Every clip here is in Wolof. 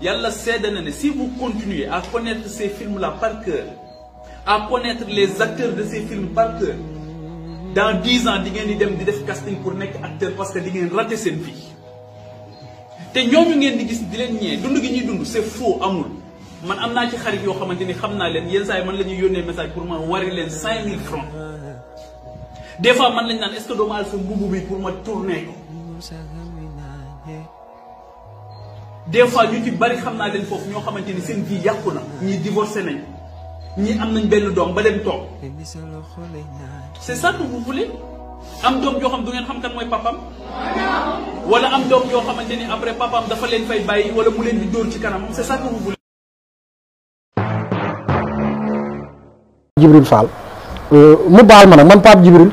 yàlla seede na ne si vous continuez à connaître ces films la par cœur à connaître les acteurs de ces films par cœur dans dix ans di ngeen di dem di def casting pour nekk acteur parce que di ngeen raté seen vie te ñooñu ngeen di gis di leen ñee dund gi ñuy dund c'est faux amul man am naa ci xarit yoo xamante ni xam naa leen yenn saa yi man la ñuy yónnee message pour ma wari leen cinq francs des fois man lañ naan est-ce que bi pour ma tourner ko des fois ñu ci bari xam naa leen foofu ñoo xamante ni seen vie yàqu na ñii divorcé nañ ñii am nañ benn doom ba dem toog c'est ça que vous am doom joo xam du mooy papam wala am doom joo xamante ni après papam dafa leen fay bàyyi wala mu leen di dóor ci kanamam c'est ça que vous euh, mu baal ma nag man Pape Jibril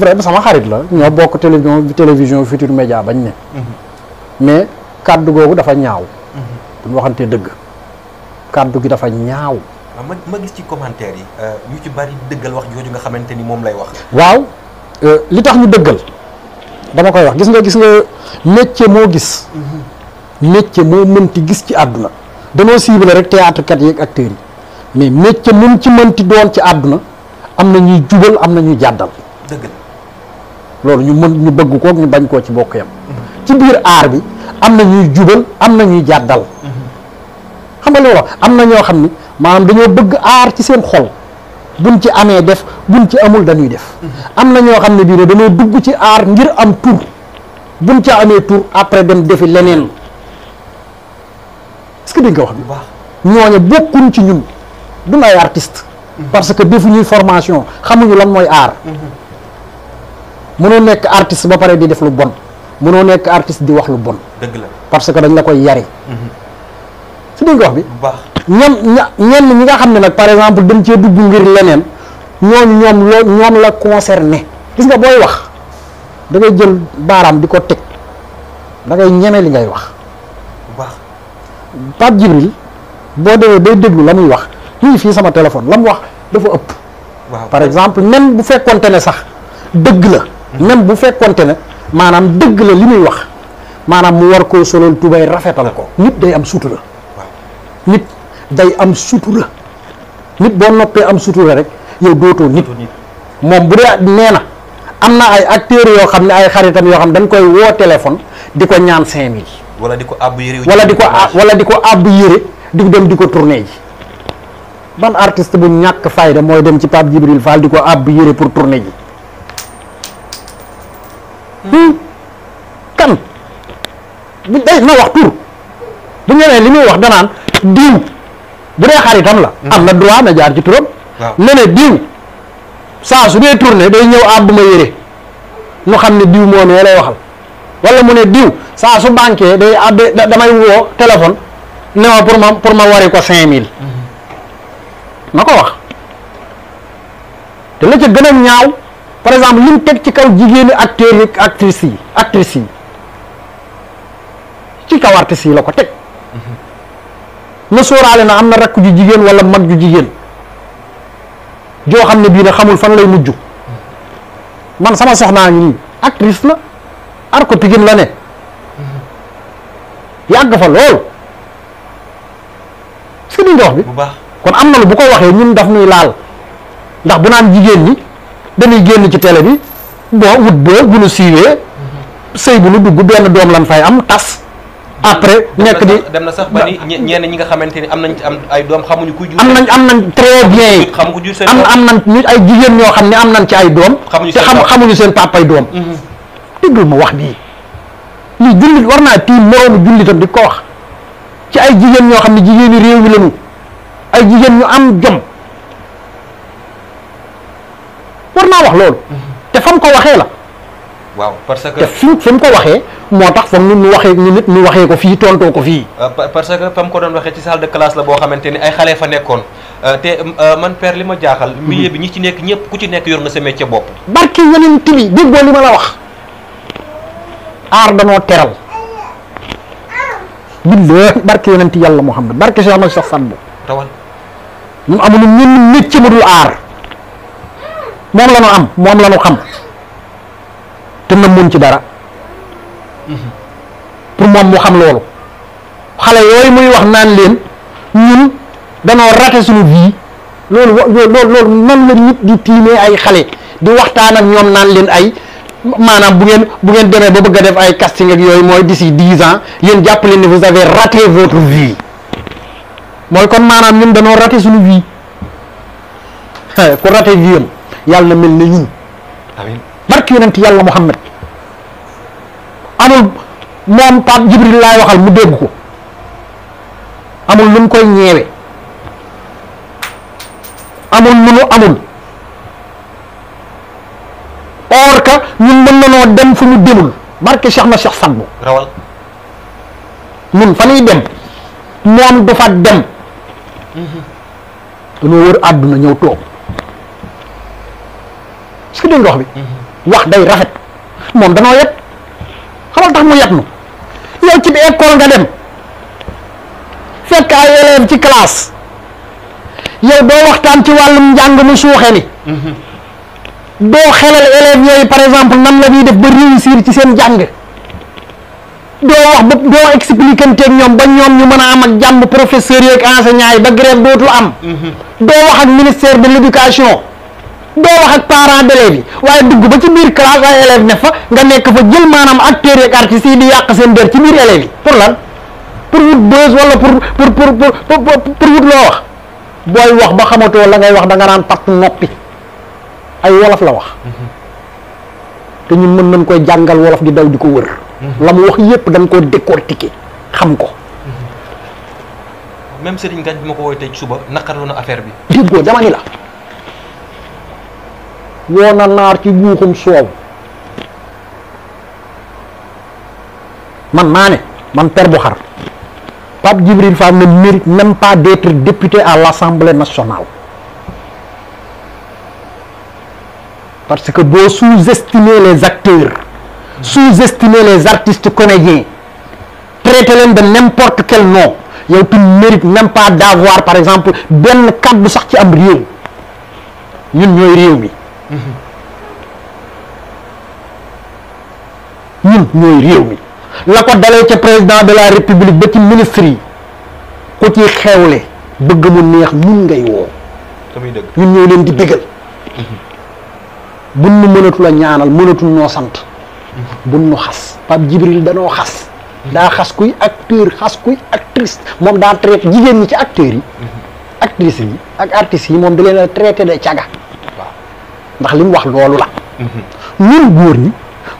vrai sama xarit la ñoo bokk télévision télévision Futurs Médias bañ ne mhm. mais kàddu googu dafa ñaaw. bu ñu waxantee dëgg. kàddu gi dafa ñaaw. ma gis ci commentaire yi euh, ñu ci bari dëggal wax jooju nga xamante ni moom lay wax. waaw euh, li tax ñu dëggal dama koy wax gis nga gis nga métier moo gis. Mm-hmm. métier moo mënti gis ci àdduna. dama ciblé rek théâtre kat yeeg acteurs yi mais métier mun ci mënti doon ci àdduna am na ñuy jubal am na ñuy jàddal. dëgg loolu ñu mën ñu bëgg koog ñu bañ koo ci bokk yam mm-hmm. ci biir aar bi. am na ñuy jubal am na ñuy jàddal xam nga loolu am na ñoo xam ni maanaam dañoo bëgg aar ci seen xol buñ ci amee def buñ ci amul dañuy def am na ñoo xam ne bii ne dañoo dugg ci aar ngir am tur buñ ci amee tur après dem defi leneen est-ce que dañ wax bi baax ñooñu bokkuñ ci ñun duñ ay artiste mm-hmm. parce que defuñuy formation xamuñu lan mooy aar mm-hmm. mënoo nekk artiste ba pare di def lu bon mënoo nekk artiste di wax lu bon dëgg la parce que dañ la koy yari su dégg wax bi ñam ñenn ñi nga xam ne nag par exemple dañ cee dugg ngir leneen ñooñu ñoom loo ñoom la concerné gis nga booy wax da ngay jël baaraam di ko teg da ngay ñeme li ngay wax Pape Djibril boo demee bay déglu la muy wax lii fii sama téléphone la mu wax dafa ëpp par exemple même bu fekkonte ne sax dëgg la mhm. même bu fekkonte ne maanaam dëgg la li muy wax maanaam mu war koo solol tubay rafetal ko nit day am sutura nit day am sutura nit boo noppee am sutura rek yow dootoo nit moom bu dee nee na am na ay acteurs yoo xam ne ay xaritam yoo xam dañ koy woo téléphone di ko ñaan cinq mille wala di ko ab yére wala di ko wala di ko àbb yére di dem di ko tourné ji ban artiste bu ñàkk fayda mooy dem ci Pape Djibril Fall di ko àbb yére pour tourné ji hmm. bu day na wax tur bu ñëwee li muy wax danaan diw bu dee xaritam la hmm. am na droit na jaar ci turam ne ne diw saa su dee tourné day ñëw àbb ma yére ñu xam ne diw moo nee lay waxal wala mu ne diw saa su banqué day àbbe damay woo téléphone ne ma pour ma pour ma wari ko cinq mille hmm. na ko wax te la ca gën ñaaw par exemple li mu teg ci kaw jigéenu acteurs yi actrices yi actrices yi ci kaw artiste yi la ko teg na sóoraale na am na rakk ju jigéen wala mag ju jigéen joo xam ne bii ne xamul fan lay mujj man sama soxnaa ngi nii actrice la ar ko Pikine la ne yàgg fa lool si ni nga bi bu kon am na lu bu ko waxee ñun daf muy laal ndax bu naan jigéen ñi damay génn ci télé bi boo wut ba bu nu siiwee sëy bu nu dugg benn doom lan fay am tas après nekk di dem na sax ba ni ñi nga xamante ni am nañ am ay doom xamuñu ku jur am nañ am nañ très bien am am nañ ay jigéen ñoo xam ne am nañ ci ay doom te xam xamuñu seen papay doom mm-hmm. déggul ma wax mii lii jullit war naa tiim moroomu jullitam di ko wax ci ay jigéen ñoo xam ne jigéenu réew mi lañu ay jigéen ñu am jom war naa wax loolu mm-hmm. te fam ko waxee la waaw parce que te fi mu ko waxee moo tax foog ñun ñu waxee ñu nit ñu waxee ko fii tontoo ko fii. Euh, parce que fa mu ko doon waxee ci salle de classe la boo xamante ni ay xale fa nekkoon euh, te euh, man père li ma jaaxal. Mhm. milieu bi ñi ci nekk ñëpp ku ci nekk yor na sa métier bopp. barki yeneen tibi déggoo li ma la wax aar danoo teral. billee barke yonent yàlla Muhammad barke Cheikh Ahmad Cheikh Sadbu tawal ñun amuñu ñun métier mu dul aar moom la ñu am moom la ñu xam te namuñ ci dara pour moom mu xam loolu xale yooyu muy wax naan leen ñun danoo raté suñu vie loolu wa loolu loolu la nit di tiimee ay xale di waxtaan ak ñoom naan leen ay maanaam bu ngeen bu ngeen demee ba bëgg a def ay casting ak yooyu mooy d'ici dix ans yéen jàpp leen ne vous avez raté votre vie mooy kon maanaam ñun danoo raté suñu vie ku raté vie am yàlla na mel na ñun ci yàlla Muhammad amul moom Pape Jibril laay waxal mu dégg ko amul lu mu koy ñeewe amul lu amul or que ñun mën dem fu ñu demul barke Cheikh na Cheikh Sadbu rawal ñun fa dem moom dafa dem mm-hmm. dañoo wër àdduna ñëw toog est-ce que wax bi mm-hmm. wax day rafet moom danoo yet xamal tax mu yet nu yow ci bi école nga dem fekk ay élève ci classe yow doo waxtaan ci wàllum njàng mu suuxe ni doo xelal élèves yooyu par exemple nan la ñuy def ba réussir ci seen jàng doo wax ba doo expliquer ñoom ba ñoom ñu mën a am ak jàmm professeurs yi ak enseignants yi ba grève dootul am mm-hmm. doo wax ak ministère de l'éducation doo wax ak parents d'élèves yi waaye dugg ba ci biir classe ay élèves ne fa nga nekk fa jël maanaam acteurs yeeg artistes yi di yàq seen der ci biir élèves yi pour lan pour wut buzz wala pour pour wut loo wax booy wax ba xamatoo la ngay wax danga naan pat noppi ay wolof la wax te ñun mën nañ koy jàngal wolof di daw di ko wër mhm. la mu wax yépp dañ koo décortiquer xam ko mhm. même Serigne Ngagne bi ma ko woowee tey suba naqarlu na affaire bi déggoo dama ni la woon a naar ci guuxum soow man maa ne man per bu xar Pape Djibril Fall ne mérite même pas d'être député à l'Assemblée nationale parce que boo sous-estimer les acteurs sous-estimer les artistes comédiens traiter leen de n'importe quel nom yow tu mérites même pas d'avoir par exemple benn kàddu sax ci am réew ñun ñooy réew mi ñun ñooy réew mi la ko dalee ca président de la république ba ci ministre yi ku ci xewle bëgg mu neex ñun ngay woo ñun ñoo leen di bégal bu nu mënatul a ñaanal mënatul noo sant bu nu xas Pape Djibril danoo xas daa xas kuy acteur xas kuy actrice moom daa traité jigéen ñi ci acteurs yi actrices yi ak artistes yi moom da leen a traité de caga ndax li mu wax loolu la mhm. ñun góor ñi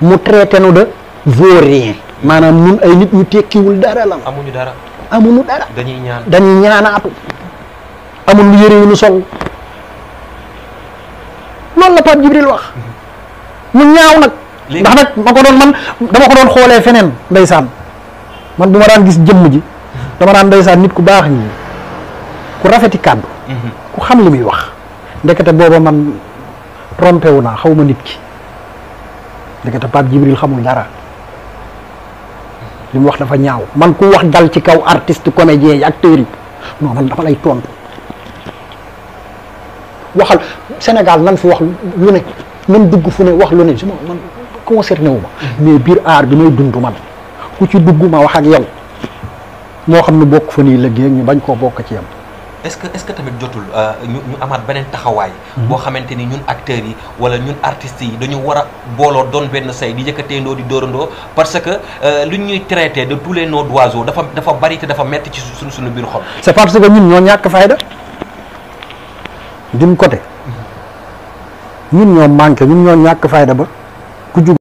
mu traité nu de vaurien maanaam ñun ay nit ñu tekkiwul dara la amuñu dara amuñu dara dañuy ñaan dañuy ñaanaatu amul lu yu nu sol loolu la Pape Djibril wax mhm. mu ñaaw nag ndax nag ma ko doon man dama ko doon xoolee feneen ndeysaan man bu daan gis jëmm ji mhm. dama daan ndeysaan nit ku baax ñi ku rafeti kàddu ku xam li wax ndekete booba man trompé naa xaw nit ki ndekete Pape Djibril xamul dara li wax dafa ñaaw man ku wax dal ci kaw artist comédien yi acteurs yi non man dafa lay tontu waxal Sénégal nan fi wax lu ne nan dugg fu ne wax lu ne su ma man concerné wu ma mais biir aar bi may dund man ku ci dugguma wax ak yow moo xam ne bokk fa nii liggéey ñu bañ koo bokk ci yam est-ce que est-ce que tamit jotul euh, ñu amaat beneen taxawaay. Mhm. boo xamante ni ñun acteurs yi wala ñun artistes yi dañu war a booloo doon benn say di yëkkateendoo di dóorandoo parce que euh, lu ñuy traité de tous les noms d'oiseaux dafa dafa bari te dafa metti ci suñu suñu biir xol. c'est parce que ñun ñoo ñàkk fayda d'une côté mhm. ñun ñoo manqué ñun ñoo ñàkk fayda ba ku jug